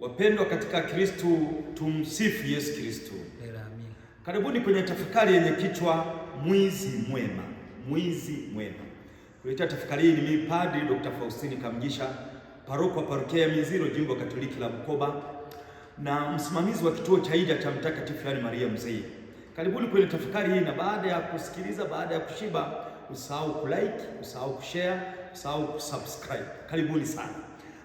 Wapendwa katika Kristo, tumsifu Yesu Kristo. Karibuni kwenye tafakari yenye kichwa mwizi mwema, mwizi mwema. Kuletea tafakari hii ni mimi Padri Dr. Faustini kamjisha paroko wa parokia ya Miziro, jimbo Katoliki la Bukoba na msimamizi wa kituo cha hija cha Mtakatifu Yohane Maria Mzee. Karibuni kwenye tafakari hii, na baada ya kusikiliza, baada ya kushiba, usahau kulike, usahau kushare, usahau kusubscribe. Karibuni sana.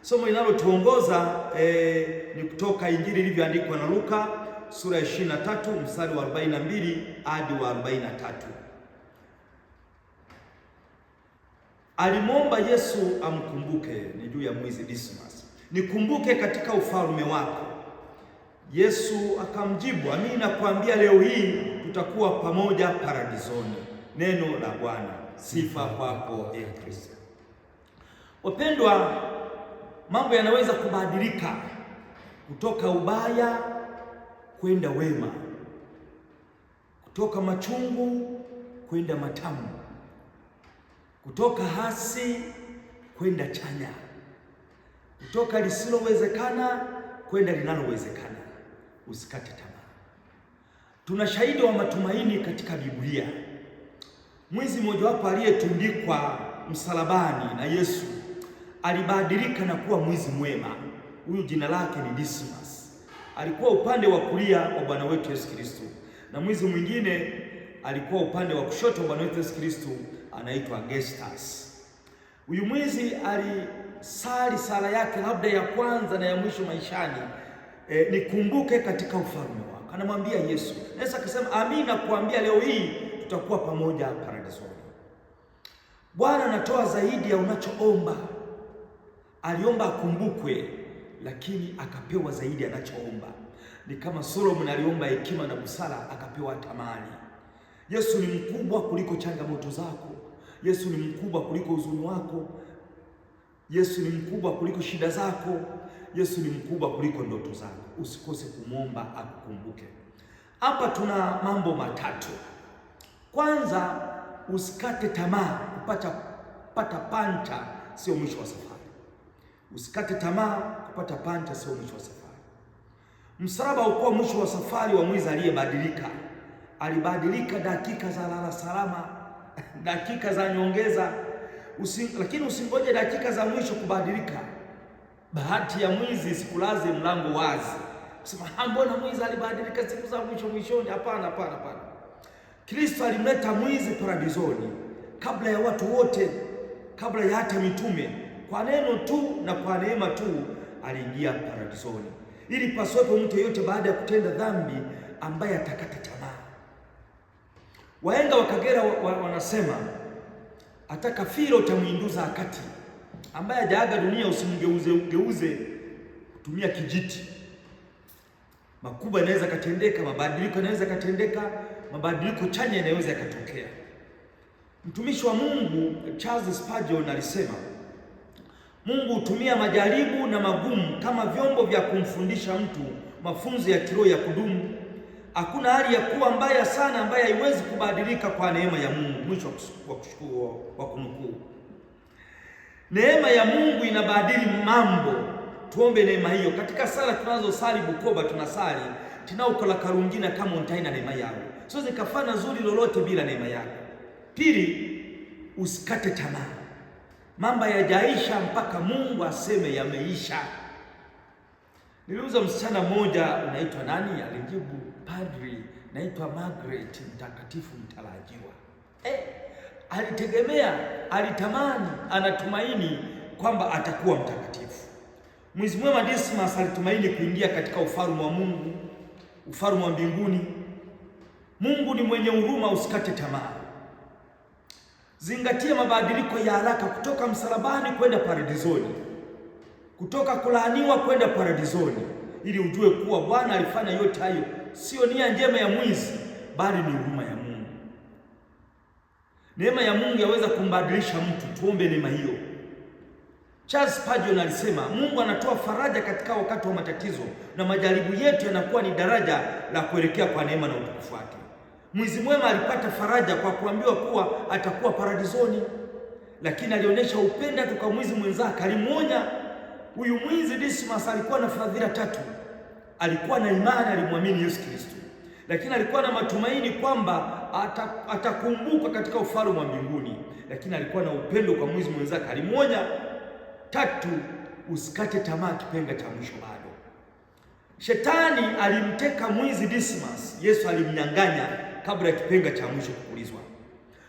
Somo linalotuongoza e, ni kutoka Injili ilivyoandikwa na Luka sura ya 23 mstari wa 42 hadi wa 43. Alimwomba Yesu amkumbuke, ni juu ya mwizi Dismas, nikumbuke katika ufalme wako. Yesu akamjibu, amini nakwambia, leo hii tutakuwa pamoja paradizoni. Neno la Bwana. Sifa kwako, e Kristo. Wapendwa mambo yanaweza kubadilika kutoka ubaya kwenda wema, kutoka machungu kwenda matamu, kutoka hasi kwenda chanya, kutoka lisilowezekana kwenda linalowezekana. Usikate tamaa. Tuna shahidi wa matumaini katika Biblia, mwizi mmojawapo aliyetundikwa msalabani na Yesu alibadilika na kuwa mwizi mwema. Huyu jina lake ni Dismas, alikuwa upande wa kulia wa Bwana wetu Yesu Kristo, na mwizi mwingine alikuwa upande wa kushoto wa Bwana wetu Yesu Kristo, anaitwa Gestas. Huyu mwizi alisali sala yake labda ya kwanza na ya mwisho maishani, e, nikumbuke katika ufalme wako, anamwambia Yesu. Yesu akasema, amina kuambia leo hii tutakuwa pamoja paradisoni. Bwana anatoa zaidi ya unachoomba aliomba akumbukwe, lakini akapewa zaidi anachoomba. Ni kama Solomon aliomba hekima na busara, akapewa tamani. Yesu ni mkubwa kuliko changamoto zako. Yesu ni mkubwa kuliko huzuni wako. Yesu ni mkubwa kuliko shida zako. Yesu ni mkubwa kuliko ndoto zako. Usikose kumwomba akukumbuke. Hapa tuna mambo matatu. Kwanza, usikate tamaa. Kupata pata pancha sio mwisho wa safari. Usikate tamaa kupata panta, sio mwisho wa safari. Msalaba haukuwa mwisho wa safari wa mwizi aliyebadilika. Alibadilika dakika za lala salama, dakika za nyongeza usi, lakini usingoje dakika za mwisho kubadilika. Bahati ya mwizi sikulaze mlango wazi, kusema ah, mbona mwizi alibadilika siku za mwisho mwishoni. Hapana, hapana, hapana. Kristo alimleta mwizi paradizoni kabla ya watu wote, kabla ya hata mitume kwa neno tu na kwa neema tu aliingia paradisoni, ili pasiwepo mtu yeyote baada ya kutenda dhambi ambaye atakata tamaa. Wahenga wa Kagera wanasema hata kafira utamwinduza akati, ambaye hajaaga dunia usimgeuze ugeuze kutumia kijiti. Makubwa yanaweza katendeka, mabadiliko yanaweza katendeka, mabadiliko chanya yanaweza yakatokea. Mtumishi wa Mungu Charles Spurgeon alisema Mungu hutumia majaribu na magumu kama vyombo vya kumfundisha mtu mafunzo ya kiroho ya kudumu. Hakuna hali ya kuwa mbaya sana ambayo haiwezi kubadilika kwa neema ya Mungu. Mwisho wa kushukuru wa kunukuu. Neema ya Mungu inabadili mambo. Tuombe neema hiyo katika sala tunazosali Bukoba, tunasali tinaokola karungina kama untaina neema yako siwezi kafana zuri lolote bila neema yako. Pili, usikate tamaa mambo yajaisha mpaka Mungu aseme yameisha. Niliuza msichana mmoja, unaitwa nani? Alijibu, padri, naitwa Margaret, mtakatifu mtarajiwa. Eh, alitegemea, alitamani, anatumaini kwamba atakuwa mtakatifu. Mwizi mwema Dismas alitumaini kuingia katika ufalme wa Mungu, ufalme wa mbinguni. Mungu ni mwenye huruma, usikate tamaa. Zingatia mabadiliko ya haraka kutoka msalabani kwenda paradizoni, kutoka kulaaniwa kwenda paradizoni, ili ujue kuwa Bwana alifanya yote hayo sio nia njema ya mwizi, bali ni huruma ya Mungu. Neema ya Mungu yaweza kumbadilisha mtu. Tuombe neema hiyo. Charles Spurgeon alisema, Mungu anatoa faraja katika wakati wa matatizo, na majaribu yetu yanakuwa ni daraja la kuelekea kwa neema na utukufu wake. Mwizi mwema alipata faraja kwa kuambiwa kuwa atakuwa paradizoni, lakini alionyesha upendo kwa mwizi mwenzake. Alimuonya huyu mwizi Dismas alikuwa na fadhila tatu: alikuwa na imani, alimwamini Yesu Kristo, lakini alikuwa na matumaini kwamba atakumbukwa katika ufalme wa mbinguni, lakini alikuwa na upendo kwa mwizi mwenzake. Alimuonya tatu, usikate tamaa, kipenga cha mwisho bado. Shetani alimteka mwizi Dismas, Yesu alimnyang'anya kabla ya kipenga cha mwisho kupulizwa.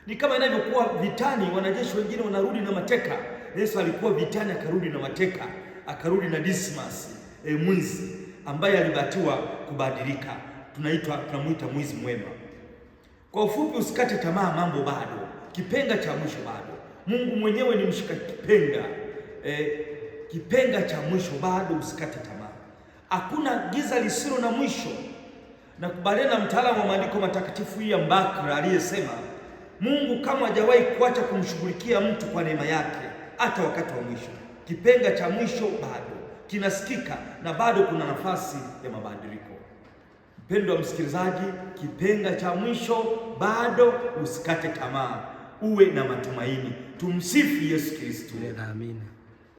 Ni kama inavyokuwa vitani, wanajeshi wengine wanarudi na mateka. Yesu alikuwa vitani, akarudi na mateka, akarudi na Dismas e, mwizi ambaye alibatiwa kubadilika. Tunaitwa tunamuita mwizi mwema. Kwa ufupi, usikate tamaa, mambo bado, kipenga cha mwisho bado. Mungu mwenyewe ni mshika kipenga e, kipenga cha mwisho bado, usikate tamaa. Hakuna giza lisilo na mwisho. Nakubaliana na mtaalamu wa maandiko matakatifu ya Mbakra aliyesema Mungu kama hajawahi kuacha kumshughulikia mtu kwa neema yake hata wakati wa mwisho. Kipenga cha mwisho bado kinasikika na bado kuna nafasi ya mabadiliko. Mpendwa msikilizaji, kipenga cha mwisho bado, usikate tamaa, uwe na matumaini. Tumsifu Yesu Kristo. Amina.